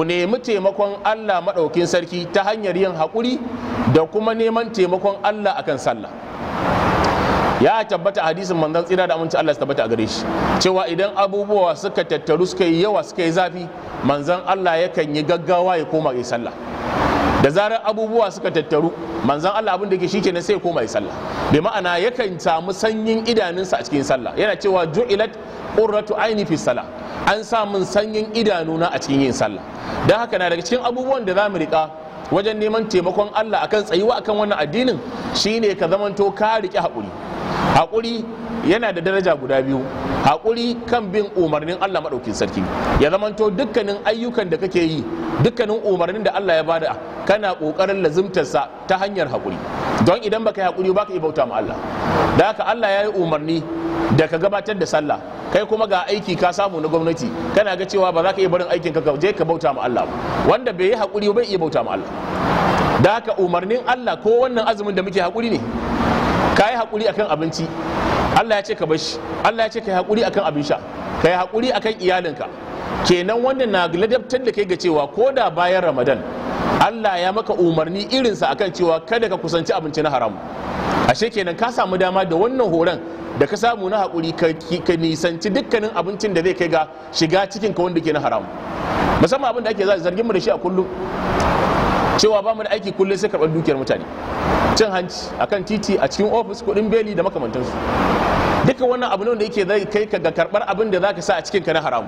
ku nemi taimakon Allah maɗaukin sarki ta hanyar yin haƙuri da kuma neman taimakon Allah akan sallah ya tabbata hadisin manzon tsira da amince Allah su tabbata a gare shi cewa idan abubuwa suka tattaru suka yi yawa suka yi zafi manzon Allah yakan yi gaggawa ya koma ya sallah da zarar abubuwa suka tattaru manzon Allah abin da ke shike sai ya koma ya sallah bi ma'ana yakan samu sanyin idanunsa a cikin sallah yana cewa ju'ilat qurratu aini fi sallah an sa mun sanyin idanuna a cikin yin sallah don haka na daga cikin abubuwan da za mu rika wajen neman taimakon Allah akan tsayuwa akan wannan addinin shine ka zamanto ka rike hakuri? haƙuri yana da daraja guda biyu haƙuri kan bin umarnin Allah maɗaukin sarki ya zamanto dukkanin ayyukan da kake yi dukkanin umarnin da Allah ya bada kana ƙoƙarin lazimtarsa ta hanyar haƙuri don idan baka yi hakuri baka yi bauta ma Allah da haka Allah ya yi umarni da ka gabatar da sallah kai kuma ga aiki ka samu na gwamnati kana ga cewa ba za ka iya barin aikin ka je ka bauta ma Allah wanda bai yi hakuri bai iya bauta ma Allah da haka umarnin Allah ko wannan azumin da muke hakuri ne ka yi hakuri akan abinci Allah ya ce ka bashi Allah ya ce ka yi hakuri akan abin sha ka yi hakuri akan iyalinka kenan wannan na ladabtar da kai ga cewa ko da bayan Ramadan Allah ya maka umarni irinsa akan cewa kada ka kusanci abinci na haram ashe kenan ka samu dama da wannan horon da ka samu na hakuri ka nisanci dukkanin abincin da zai kai ga shiga cikin ka wanda ke na haramu. musamman abin da ake za zargin mu da shi a kullum cewa ba mu da aiki kullum sai karɓar dukiyar mutane cin hanci akan titi a cikin ofis kuɗin beli da makamantansu duka wannan abu ne wanda yake zai kai ka ga karɓar abin da zaka sa a cikin ka na haramu?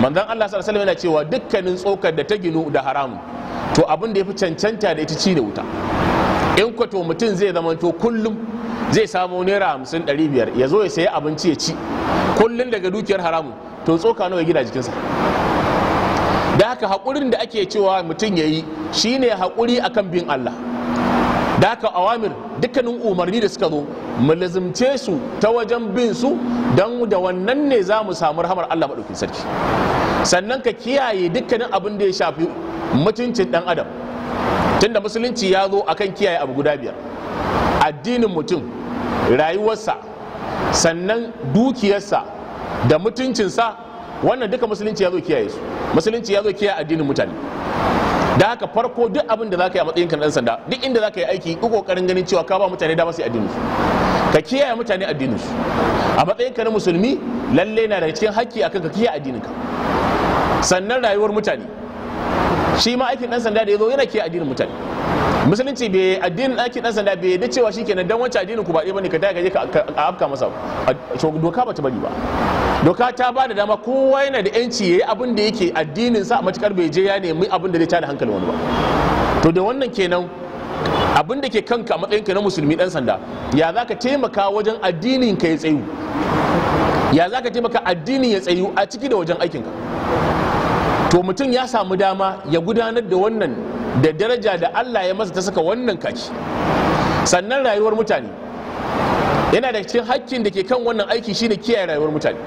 manzon Allah sallallahu alaihi wasallam yana cewa dukkanin tsokar da ta ginu da haramu, to abin da ya fi cancanta da ita ci da wuta in kwato mutum zai zamanto kullum zai samu naira hamsin ɗari biyar ya zo ya sayi abinci ya ci kullum daga dukiyar haramun to tsoka nawa gida jikinsa da haka haƙurin da ake cewa mutum ya yi shi ne haƙuri akan bin Allah da haka awamir dukkanin umarni da suka zo mu su ta wajen bin su don da wannan ne za mu samu rahamar Allah maɗaukin sarki sannan ka kiyaye dukkanin abin da ya shafi mutuncin ɗan adam tunda musulunci ya zo akan kiyaye abu guda biyar addinin mutum rayuwarsa sannan dukiyarsa da mutuncinsa wannan duka musulunci ya zo kiyaye su musulunci ya zo kiyaye addinin mutane da haka farko duk abin da zaka yi a matsayin kan dan sanda duk inda zaka yi aiki yi kokarin ganin cewa ka ba mutane dama su addinin su ka kiyaye mutane addinin su a matsayin ka na musulmi lalle na da cikin hakki akan ka kiyaye addinin ka sannan rayuwar mutane shi ma aikin dan sanda da ya zo yana ke addinin mutane musulunci bai addinin aikin dan sanda bai da cewa shikenan dan wancan addinin ku ba ɗaya bane ka daga je ka afka masa doka ba ta bari ba doka ta ba da dama kowa yana da yanci yayi abin da yake addinin sa matukar bai je ya nemi abin da zai tada hankali wani ba to da wannan kenan abin da ke kanka a matsayinka na musulmi dan sanda ya za ka taimaka wajen addinin ka ya tsayu ya za ka taimaka addinin ya tsayu a ciki da wajen aikinka to mutum ya samu dama ya gudanar da wannan da daraja da Allah ya masa ta saka wannan kaki sannan rayuwar mutane yana da cikin hakkin da ke kan wannan aiki shine kiyaye rayuwar mutane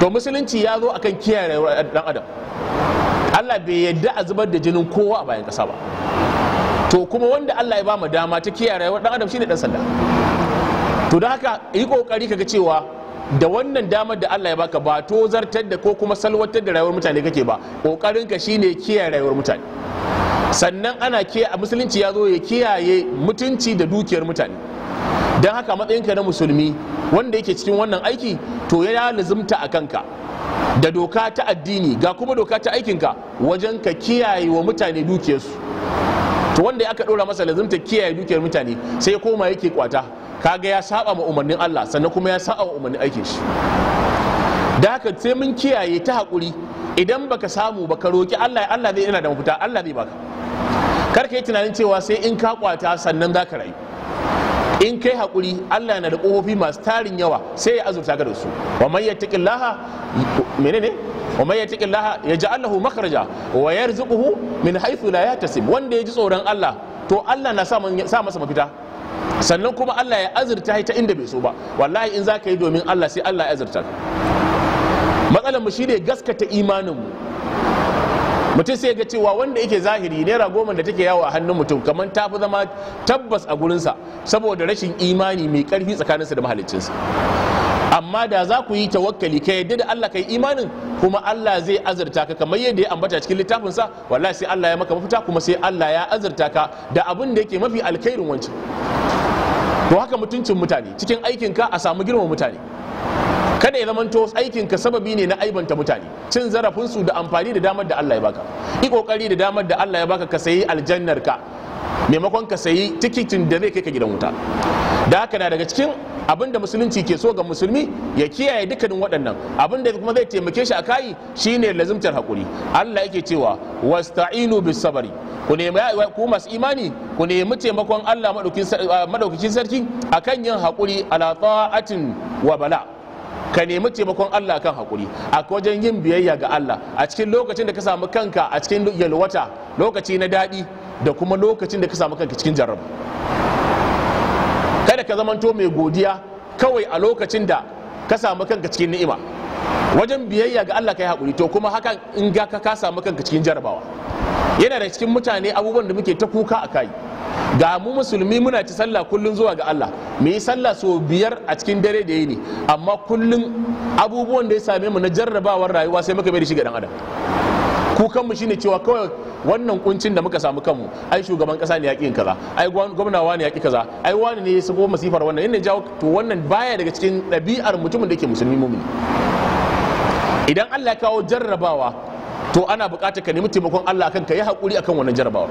to musulunci ya zo akan kiyaye rayuwar dan adam Allah bai yadda a zubar da jinin kowa a bayan kasa ba to kuma wanda Allah ya ba mu dama ta kiyaye rayuwar dan adam shine dan sanda to don haka yi kokari kaga cewa da wannan damar da Allah ya baka ba to zartar da ko kuma salwatar da rayuwar mutane kake ba kokarin ka shine kiyaye rayuwar mutane sannan ana kiyaye musulunci ya zo ya kiyaye mutunci da dukiyar mutane don haka matsayin ka na musulmi wanda yake cikin wannan aiki to ya lazumta a kanka da doka ta addini ga kuma doka ta aikinka wajen ka kiyaye wa mutane dukiyarsu to wanda aka ɗora masa lazumta kiyaye dukiyar mutane sai ya koma yake kwata kaga ya saba ma umarnin Allah sannan kuma ya saba ma umarnin aikin shi da haka sai mun kiyaye ta haƙuri idan baka samu baka roki roƙi Allah Allah zai yana da mafita Allah zai baka kar ka tunanin cewa sai in ka kwata sannan zaka ka rayu in kai haƙuri Allah yana da kofofi masu tarin yawa sai ya azurta ka da su wa man yattaqillaha menene wa man yattaqillaha yaj'al lahu makhraja wa yarzuquhu min haythu la yahtasib wanda ya ji tsoron Allah to Allah na sa masa mafita sannan kuma Allah ya azurta ta inda bai so ba wallahi in zaka yi domin Allah sai Allah ya azurta matsalar mu shine gaskata imanin mu mutum sai ga cewa wanda yake zahiri naira goma da take yawo a hannun mutum kamar tafi zama tabbas a gurinsa saboda rashin imani mai karfi tsakaninsa da mahaliccinsa amma da za ku yi tawakkali ka yadda da Allah kayi imanin kuma Allah zai azurta ka kamar yadda ya ambata cikin littafin sa wallahi sai Allah ya maka mafita kuma sai Allah ya azurta ka da abin da yake mafi alkhairin wancan to haka mutuncin mutane cikin aikinka a samu girma mutane kada ya zamanto aikinka sababi ne na aibanta mutane cin zarafinsu da amfani da damar da Allah ya baka yi kokari da damar da Allah ya baka ka sayi aljannar ka maimakon ka sayi tikitin da zai kai ka gidan wuta da haka na daga cikin abinda musulunci ke so ga musulmi ya kiyaye dukkanin waɗannan abinda kuma zai taimake shi a kayi shine lazimtar haƙuri. Allah yake cewa wasta'inu bis sabari ku nemi ku masu imani ku nemi taimakon Allah madaukakin ah, sarki akan yin haƙuri, ala ta'atin wa bala' ka nemi taimakon Allah kan haƙuri a wajen yin biyayya ga Allah a cikin lokacin da ka samu kanka a cikin yalwata lokaci na daɗi da kuma lokacin da ka samu kanka cikin jarraba ka zamanto mai godiya kawai a lokacin da ka samu kanka cikin ni'ima wajen biyayya ga Allah ka yi haƙuri to kuma hakan in ga ka ka samu kanka cikin jarabawa yana da cikin mutane abubuwan da muke ta kuka a kai ga mu musulmi muna ci sallah kullun zuwa ga Allah mu yi sallah so biyar a cikin dare da yini amma kullun abubuwan da ya same mu na jarrabawar rayuwa sai muka bai da shi ga dan adam kukan mu shine cewa kawai wannan kuncin da muka samu kanmu ai shugaban kasa ne yaƙi kaza ai gwamna wani yaƙi kaza ai wani ne ya sako masifar wannan inda jawo to wannan baya daga cikin ɗabi'ar mutumin da ke musulmi mumini idan Allah ya kawo jarrabawa to ana buƙatar ka nemi taimakon Allah akan ka yi haƙuri akan wannan jarrabawa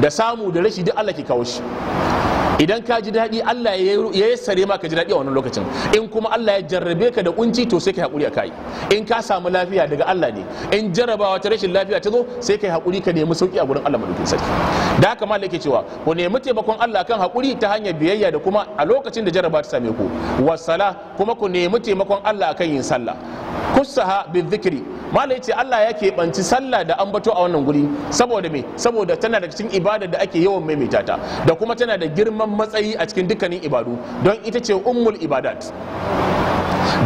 da samu da rashi duk Allah ke kawo shi idan ka ji daɗi Allah ya yi sare maka ji daɗi a wannan lokacin in kuma Allah ya jarrabe ka da kunci to sai ka haƙuri a kai in ka samu lafiya daga Allah ne in jarrabawa ta rashin lafiya ta zo sai ka haƙuri ka nemi sauki a gurin Allah madaukin sarki da haka yake cewa ku nemi taimakon Allah kan haƙuri ta hanyar biyayya da kuma a lokacin da jarraba ta same ku wasala kuma ku nemi taimakon Allah akan yin sallah khussaha bil zikiri malai ce Allah ya keɓanci sallah da ambato a wannan guri saboda me saboda tana da cikin ibada da ake yawan maimaita ta da kuma tana da girman matsayi a cikin dukkanin ibadu don ita ce ummul ibadat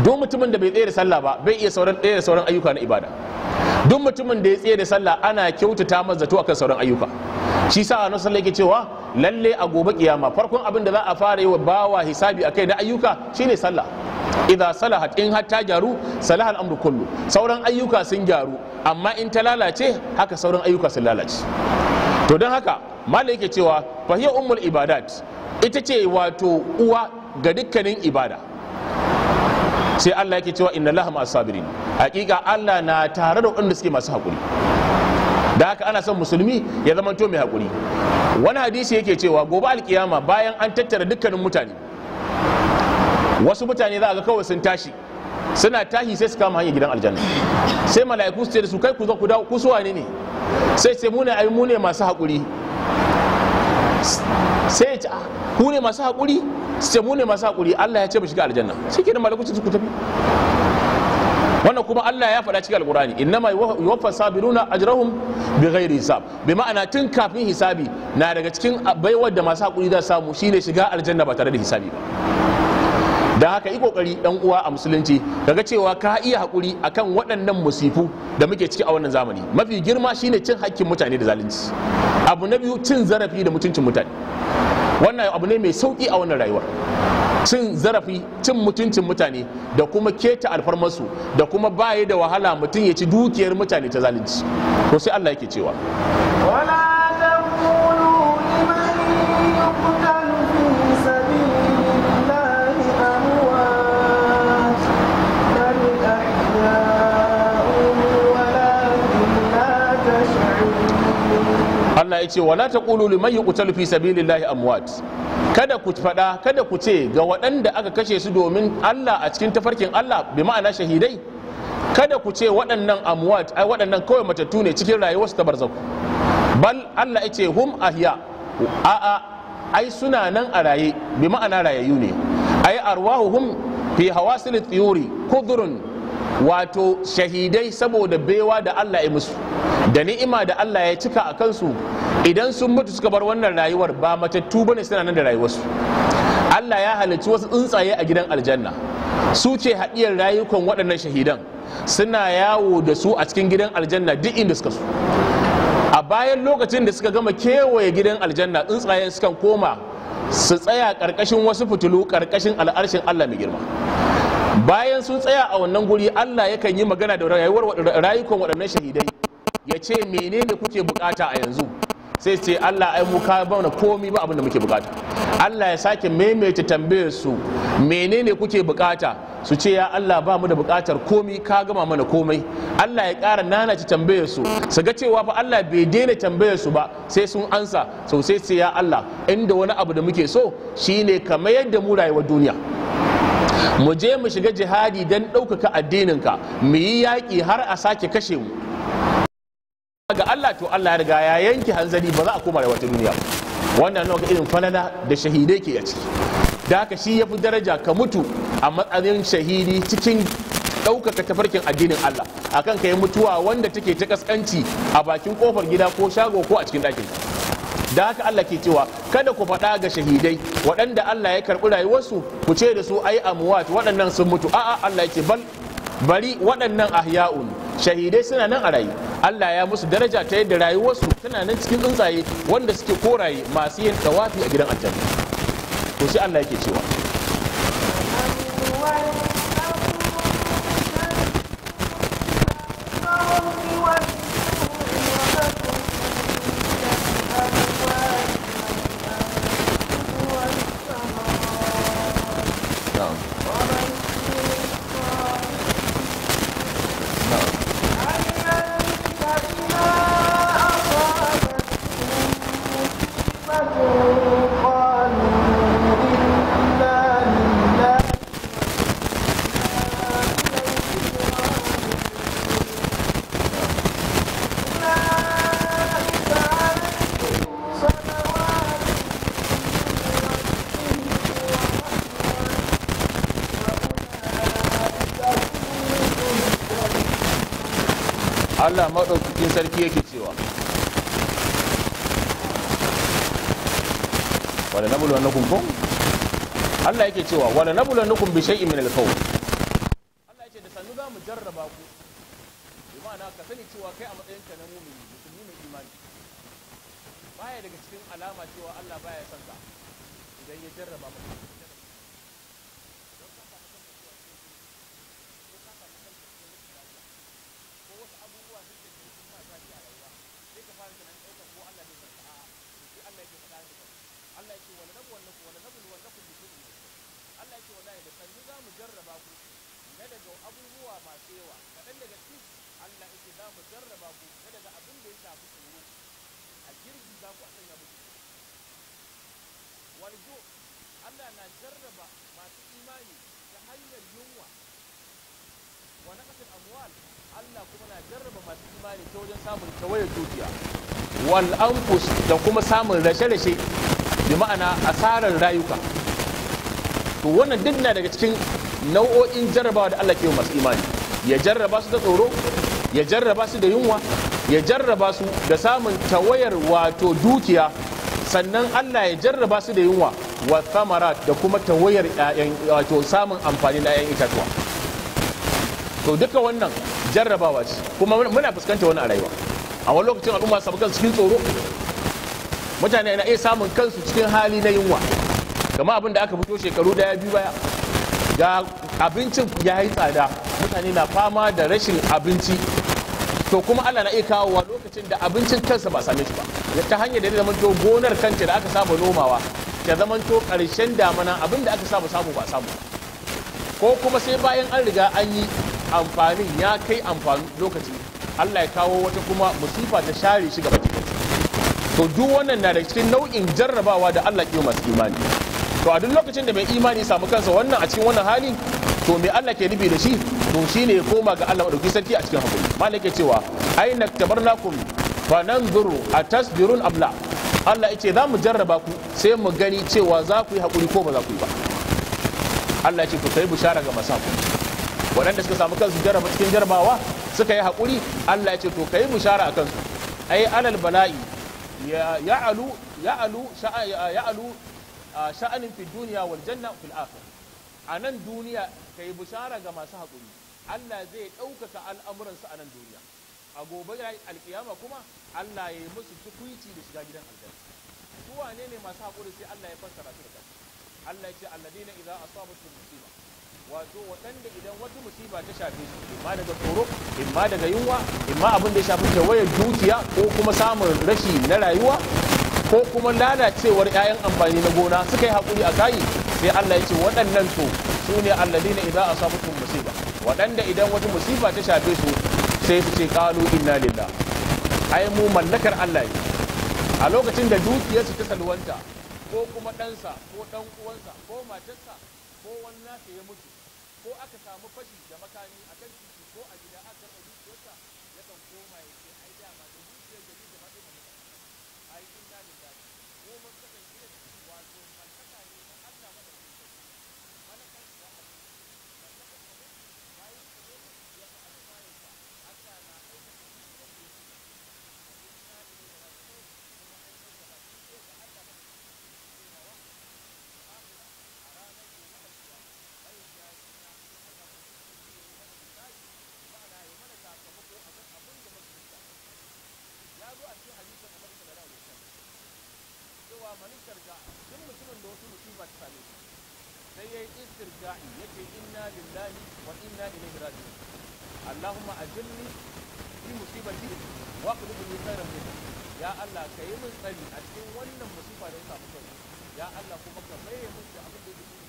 duk mutumin da bai tsaye da sallah ba bai iya sauran tsaye da sauran ayyuka na ibada duk mutumin da ya tsaye da sallah ana kyautata masa akan sauran ayyuka shi sa annabi sallallahu yake cewa lalle a gobe kiyama farkon abin da za a fara yi wa bawa hisabi akai na ayyuka shine sallah idza salahat in har ta gyaru salaha al'amru kullu sauran ayyuka sun gyaru amma in ta lalace haka sauran ayyuka sun lalace to don haka malai yake cewa fahiyar ummul ibadat ita ce wato uwa ga dukkanin ibada sai Allah yake cewa inna laha masu sabirin hakika Allah na tare da waɗanda suke masu haƙuri da haka ana son musulmi ya zama to mai haƙuri wani hadisi yake cewa gobe alkiyama bayan an tattara dukkanin mutane wasu mutane za a ga kawai sun tashi suna tashi sai su kama hanyar gidan aljanna sai mala'iku su ce da su kai ku zo ku dawo ku suwa ne ne sai ce mu ne ai mu ne masu haƙuri sai ya ce ah, ku ne masu haƙuri su ce mu ne masu haƙuri Allah ya ce mu shiga aljanna shi ke da malakuci su ku tafi wannan kuma Allah ya faɗa cikin alƙur'ani ma yuwaffa sabiruna ajrahum bi ghairi hisab bi ma'ana tun kafin hisabi na daga cikin baiwar da masu haƙuri za su samu shine shiga aljanna ba tare da hisabi ba Da haka yi kokari dan uwa a musulunci kaga cewa ka iya hakuri akan waɗannan musifu da muke ciki a wannan zamani mafi girma shine cin hakkin mutane da zalunci abu na biyu cin zarafi da mutuncin mutane wannan abu ne mai sauki a wannan rayuwar cin zarafi cin mutuncin mutane da kuma keta alfarmarsu da kuma baya da wahala mutum ya ci dukiyar mutane ta zalunci to sai Allah yake cewa Allah ya ce wala taqulu liman yuqtalu fi sabilillahi amwat kada ku fada kada ku ce ga waɗanda aka kashe su domin Allah a cikin tafarkin Allah bi ma'ana shahidai kada ku ce waɗannan amwat ai waɗannan kawai matattu ne cikin rayuwarsu ta barzaku bal Allah ya ce hum ahya a'a ai suna nan a raye bi ma'ana rayayyu ne ai arwahuhum fi hawasil tiyuri kudurun wato shahidai saboda baiwa da Allah ya musu da ni'ima da Allah ya cika a kansu idan sun mutu suka bar wannan rayuwar ba matattu bane suna nan da rayuwarsu Allah ya halarci wasu tsuntsaye a gidan aljanna su ce haɗiyar rayukan waɗannan shahidan suna yawo da su a cikin gidan aljanna duk inda suka so a bayan lokacin da suka gama kewaye gidan aljanna tsuntsayen sukan koma su tsaya ƙarƙashin wasu fitilu ƙarƙashin al'arshin Allah mai girma bayan sun tsaya a wannan guri Allah yakan yi magana da rayuwar rayukan waɗannan shahidai ya ce menene kuke bukata a yanzu sai ce Allah ai mu ka bauna komi ba abin muke bukata Allah ya sake maimaita tambayar su menene kuke bukata su ce ya Allah ba mu da bukatar komi ka gama mana komai Allah ya ƙara nanace tambayar su su ga cewa fa Allah bai daina tambayar su ba sai sun ansa sosai sai ya Allah inda wani abu da muke so shine kamar yadda mu rayuwar duniya mu je mu shiga jihadi don ɗaukaka addininka mu yi yaƙi har a sake kashe mu ga Allah to Allah ya riga ya yanke hanzari ba za a koma da wata duniya wannan nawa ga irin falala da shahidai ke a ciki da haka shi ya fi daraja ka mutu a matsayin shahidi cikin ɗaukaka tafarkin addinin Allah akan ka yi mutuwa wanda take ta kaskanci a bakin kofar gida ko shago ko a cikin ɗakin da haka Allah ke cewa kada ku faɗa ga shahidai waɗanda Allah ya karɓi rayuwarsu ku ce da su ai amwat waɗannan sun mutu a'a Allah yake ce bal bari waɗannan ahya'un shahidai suna nan a rayu Allah ya musu daraja ta yadda rayuwarsu tana nan cikin tsuntsaye wanda suke koraye masu yin tawafi a gidan aljanna to sai Allah yake cewa wala nabluwannakum ko Allah yake cewa wala nabluwannakum bi shay'in min al-qawl Allah yake da sannu za mu jarraba ku bi ma'ana ka sani cewa kai a matsayin ka na mu'mini musulmi mai imani baya daga cikin alama cewa Allah baya son ka idan ya jarraba maka ce wallahi da sannu za mu jarraba ku na daga abubuwa masu yawa kaɗan daga cikin Allah yake za mu jarraba ku na daga abin da ya shafi tsoro a girgi za ku a sanya muku warjo Allah na jarraba masu imani ta hanyar yunwa wa naqatil amwal Allah kuma na jarraba masu imani ta wajen samun tawayar dukiya wal anfus da kuma samun rashe-rashe bi ma'ana asarar rayuka to wannan duk na daga cikin nau'o'in jarrabawa da Allah ke masu imani ya jarraba su da tsoro ya jarraba su da yunwa ya jarraba su da samun tawayar wato dukiya sannan Allah ya jarraba su da yunwa wa samarat da kuma tawayar wato samun amfani na 'ya'yan itatuwa to duka wannan jarrabawa ce kuma muna fuskanta wani a rayuwa a wani lokacin al'umma samu kansu cikin tsoro mutane na iya samun kansu cikin hali na yunwa kama abin da aka fito shekaru daya biyu baya ga abincin ya yi tsada mutane na fama da rashin abinci to kuma Allah na iya kawo kawowa lokacin da abincin kansa ba same shi ba ta hanyar da zama to gonar kanta da aka saba nomawa ya zama to karshen damana abin da aka saba samu ba samu ko kuma sai bayan an riga an yi amfanin ya kai amfani lokaci Allah ya kawo wata kuma musifa ta share shi gaba to duk wannan na da cikin nau'in jarrabawa da Allah ke masu imani to a duk lokacin da mai imani samu kansa wannan a cikin wannan hali to me Allah ke nufi da shi to shine ya koma ga Allah madauki sarki a cikin hakuri malai ke cewa aina tabarnakum fa nanzuru atasbirun tasbirun abla Allah ce za mu jarraba ku sai mu gani cewa za ku yi hakuri ko ba za ku yi ba Allah ya ce ku kai bushara ga masaku waɗanda suka samu kansu jarraba cikin jarrabawa suka yi hakuri Allah ya ce to kai bushara a kansu ai alal bala'i ya ya'alu ya'alu sha'a ya'alu sha'anin fi duniya wal janna fil akhir a nan duniya yi bishara ga masu haƙuri Allah zai ɗaukaka al'amuransu a nan duniya a gobe alkiyama kuma Allah ya yi musu tukuici da shiga gidan aljanna su wane ne masu haƙuri sai Allah ya fassara su da kansu Allah ya ce alladina idza asabatu musiba wato waɗanda idan wata musiba ta shafe su imma daga tsoro imma daga yunwa imma abin da ya shafi kewaye dukiya ko kuma samun rashi na rayuwa ko kuma lalacewar 'ya'yan amfani na gona suka yi haƙuri a kayi sai Allah ya ce waɗannan su su ne alladina idan asabtum musiba waɗanda idan wata musiba ta shafe su sai su ce qalu inna lillah ai mu mallakar Allah ne a lokacin da dukiyarsu ta salwanta ko kuma ɗansa ko ɗan uwansa ko matarsa ko wani nasa ya mutu ko aka samu fashi da makami a kan titi ko a gida aka karɓa dukiyarsa kan koma ya ce ai dama da dukiyar da ni da aikin damin daji mu mun kasance da wato manin karja duk mutumin da wasu musiba ta same shi sai yayi istirja'i yace inna lillahi wa inna ilaihi raji'un Allahumma ajilni fi musibati wa qulubni khairan minha ya Allah ka yi min tsari a cikin wannan musiba da ya samu ya Allah kuma ka maye min da abin da yake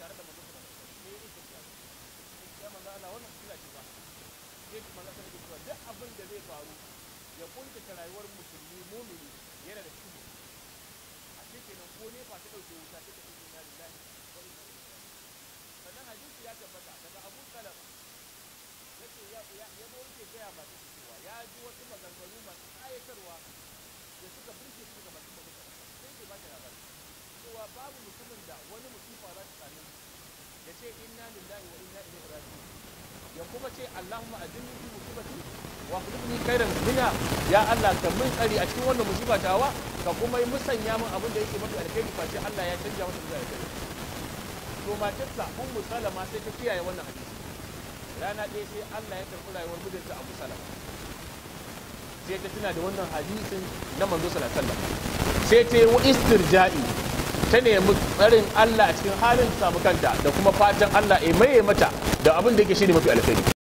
tare da manzo sallallahu alaihi yi sai yake ya ce manzo Allah wannan kira ce ba sai kuma sallallahu alaihi wasallam duk abin da zai faru ya kuntata rayuwar musulmi mumini yana da cikin a cikin nan ko ne fa ta dauke wuta ta ta cikin ya da wa inna ilaihi sannan hadisi ya tabbata daga Abu Salama yace ya ya ya yake ba masu cewa ya ji wasu maganganu masu ayatarwa da suka burke su ga masu maganganu sai ke ba ta labari cewa babu mutumin da wani musifa za ta same ya ce inna lillahi wa inna ilaihi raji'un ya kuma ce allahumma ajinni fi musibati wa khulqni khairan minha ya allah ka mun tsari a cikin wannan musiba tawa ka kuma yi musanya min abin da yake mafi alkhairi face allah ya canja mata zuwa alkhairi to matarsa ummu salama sai ta kiyaye wannan hadisi rana ɗaya sai allah ya tafi rayuwar mijinta abu salama sai ta tuna da wannan hadisin na manzo sallallahu alaihi wasallam sai ta yi istirja'i ta nemi tsarin Allah cikin halin samu kanta da kuma fatan Allah ya maye mata da abin da yake shi ne mafi alheri.